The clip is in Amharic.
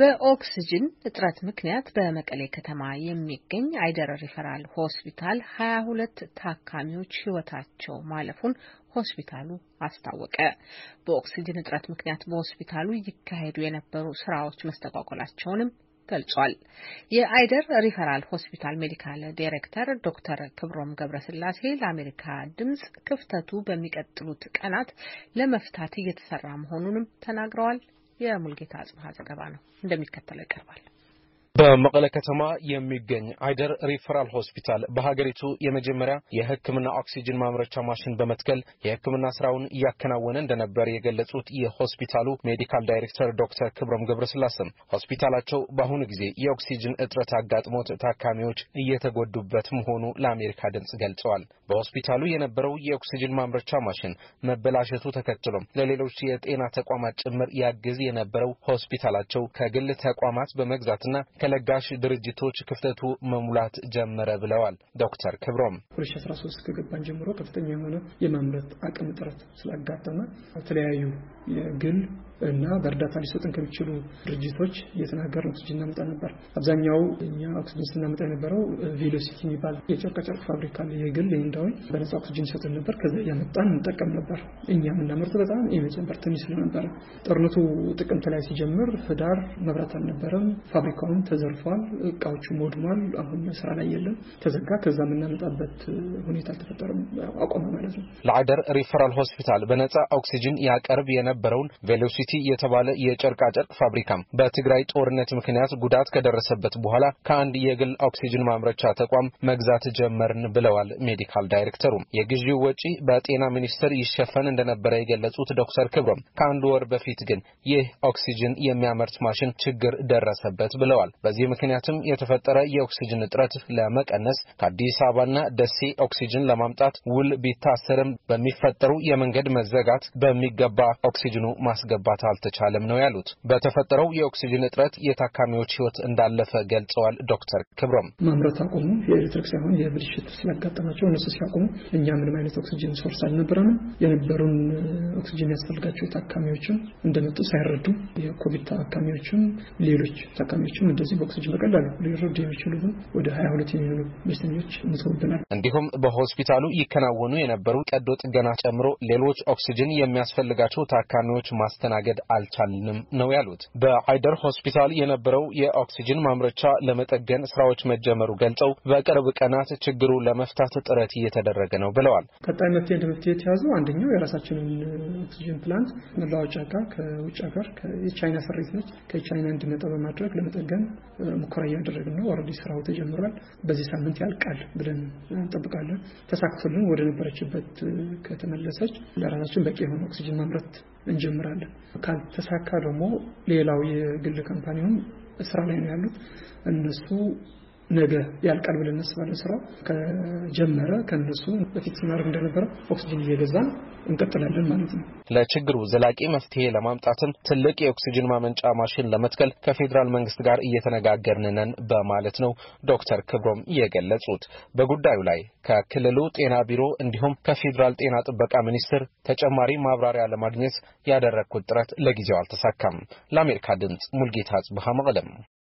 በኦክስጅን እጥረት ምክንያት በመቀሌ ከተማ የሚገኝ አይደር ሪፈራል ሆስፒታል ሀያ ሁለት ታካሚዎች ህይወታቸው ማለፉን ሆስፒታሉ አስታወቀ። በኦክስጅን እጥረት ምክንያት በሆስፒታሉ ይካሄዱ የነበሩ ስራዎች መስተጓጎላቸውንም ገልጿል። የአይደር ሪፈራል ሆስፒታል ሜዲካል ዳይሬክተር ዶክተር ክብሮም ገብረስላሴ ለአሜሪካ ድምጽ ክፍተቱ በሚቀጥሉት ቀናት ለመፍታት እየተሰራ መሆኑንም ተናግረዋል። የሙልጌታ አጽብሃ ዘገባ ነው፣ እንደሚከተለው ይቀርባል። በመቀለ ከተማ የሚገኝ አይደር ሪፈራል ሆስፒታል በሀገሪቱ የመጀመሪያ የሕክምና ኦክሲጅን ማምረቻ ማሽን በመትከል የሕክምና ስራውን እያከናወነ እንደነበር የገለጹት የሆስፒታሉ ሜዲካል ዳይሬክተር ዶክተር ክብረም ገብረስላሴም ሆስፒታላቸው በአሁኑ ጊዜ የኦክሲጅን እጥረት አጋጥሞት ታካሚዎች እየተጎዱበት መሆኑ ለአሜሪካ ድምጽ ገልጸዋል። በሆስፒታሉ የነበረው የኦክሲጅን ማምረቻ ማሽን መበላሸቱ ተከትሎም ለሌሎች የጤና ተቋማት ጭምር ያግዝ የነበረው ሆስፒታላቸው ከግል ተቋማት በመግዛትና ከለጋሽ ድርጅቶች ክፍተቱ መሙላት ጀመረ ብለዋል ዶክተር ክብሮም። 2013 ከገባን ጀምሮ ከፍተኛ የሆነ የማምረት አቅም እጥረት ስላጋጠመ የተለያዩ የግል እና በእርዳታ ሊሰጥን ከሚችሉ ድርጅቶች እየተናገርን ኦክስጅን እናመጣ ነበር። አብዛኛው እኛ ኦክስጅን ስናመጣ የነበረው ቬሎሲቲ የሚባል የጨርቃጨርቅ ፋብሪካ የግል የህንዳውን በነጻ ኦክስጅን ይሰጥን ነበር። ከዚያ እያመጣን እንጠቀም ነበር። እኛ የምናመርት በጣም የመጨመር ትንሽ ስለነበረ ጦርነቱ ጥቅምት ላይ ሲጀምር ህዳር መብራት አልነበረም። ፋብሪካውም ተዘርፏል፣ እቃዎቹ ወድሟል። አሁን ስራ ላይ የለም፣ ተዘጋ። ከዛ የምናመጣበት ሁኔታ አልተፈጠረም፣ አቆመ ማለት ነው። ለአደር ሪፈራል ሆስፒታል በነጻ ኦክሲጅን ያቀርብ የነበረውን ቬሎሲቲ የተባለ የጨርቃጨርቅ ፋብሪካም በትግራይ ጦርነት ምክንያት ጉዳት ከደረሰበት በኋላ ከአንድ የግል ኦክሲጅን ማምረቻ ተቋም መግዛት ጀመርን ብለዋል ሜዲካል ዳይሬክተሩም። የግዢው ወጪ በጤና ሚኒስቴር ይሸፈን እንደነበረ የገለጹት ዶክተር ክብሮም ከአንድ ወር በፊት ግን ይህ ኦክሲጅን የሚያመርት ማሽን ችግር ደረሰበት ብለዋል። በዚህ ምክንያትም የተፈጠረ የኦክሲጅን እጥረት ለመቀነስ ከአዲስ አበባና ደሴ ኦክሲጅን ለማምጣት ውል ቢታሰርም በሚፈጠሩ የመንገድ መዘጋት በሚገባ ኦክሲጅኑ ማስገባት አልተቻለም ነው ያሉት። በተፈጠረው የኦክሲጅን እጥረት የታካሚዎች ህይወት እንዳለፈ ገልጸዋል። ዶክተር ክብሮም ማምረት አቆሙ። የኤሌክትሪክ ሳይሆን የብልሽት ስላጋጠማቸው እነሱ ሲያቆሙ እኛ ምንም አይነት ኦክሲጅን ሶርስ አልነበረንም። የነበሩን ኦክሲጅን ያስፈልጋቸው ታካሚዎችም እንደመጡ ሳይረዱ የኮቪድ ታካሚዎችም ሌሎች ታካሚዎችም እንደዚህ እነዚህ ቦክሶች በቀላሉ ሊረዱ የሚችሉትን ወደ ሀያ ሁለት የሚሆኑ በሽተኞች እንሰውብናል። እንዲሁም በሆስፒታሉ ይከናወኑ የነበሩ ቀዶ ጥገና ጨምሮ ሌሎች ኦክሲጅን የሚያስፈልጋቸው ታካሚዎች ማስተናገድ አልቻልንም ነው ያሉት። በአይደር ሆስፒታል የነበረው የኦክሲጅን ማምረቻ ለመጠገን ስራዎች መጀመሩ ገልጸው በቅርብ ቀናት ችግሩ ለመፍታት ጥረት እየተደረገ ነው ብለዋል። ቀጣይ መፍትሄ እንደ መፍትሄ የተያዘው አንደኛው የራሳችንን ኦክሲጅን ፕላንት መለዋወጫ ጋር ከውጭ ሀገር የቻይና ሰሪት ነች ከቻይና እንዲመጣ በማድረግ ለመጠገን ሙከራ እያደረግን ነው። ኦልሬዲ ስራው ተጀምሯል። በዚህ ሳምንት ያልቃል ብለን እንጠብቃለን። ተሳክቶልን ወደ ነበረችበት ከተመለሰች ለራሳችን በቂ የሆነ ኦክሲጅን ማምረት እንጀምራለን። ካልተሳካ ደግሞ ሌላው የግል ካምፓኒውም ስራ ላይ ነው ያሉት እነሱ ነገ ያልቃል ብለን እናስባለን። ስራው ከጀመረ ከነሱ በፊት ስናደርግ እንደነበረ ኦክሲጅን እየገዛን እንቀጥላለን ማለት ነው። ለችግሩ ዘላቂ መፍትሄ ለማምጣትም ትልቅ የኦክሲጅን ማመንጫ ማሽን ለመትከል ከፌዴራል መንግስት ጋር እየተነጋገርን ነን በማለት ነው ዶክተር ክብሮም የገለጹት። በጉዳዩ ላይ ከክልሉ ጤና ቢሮ እንዲሁም ከፌዴራል ጤና ጥበቃ ሚኒስቴር ተጨማሪ ማብራሪያ ለማግኘት ያደረግኩት ጥረት ለጊዜው አልተሳካም። ለአሜሪካ ድምፅ ሙልጌታ ጽብሃ መቀለም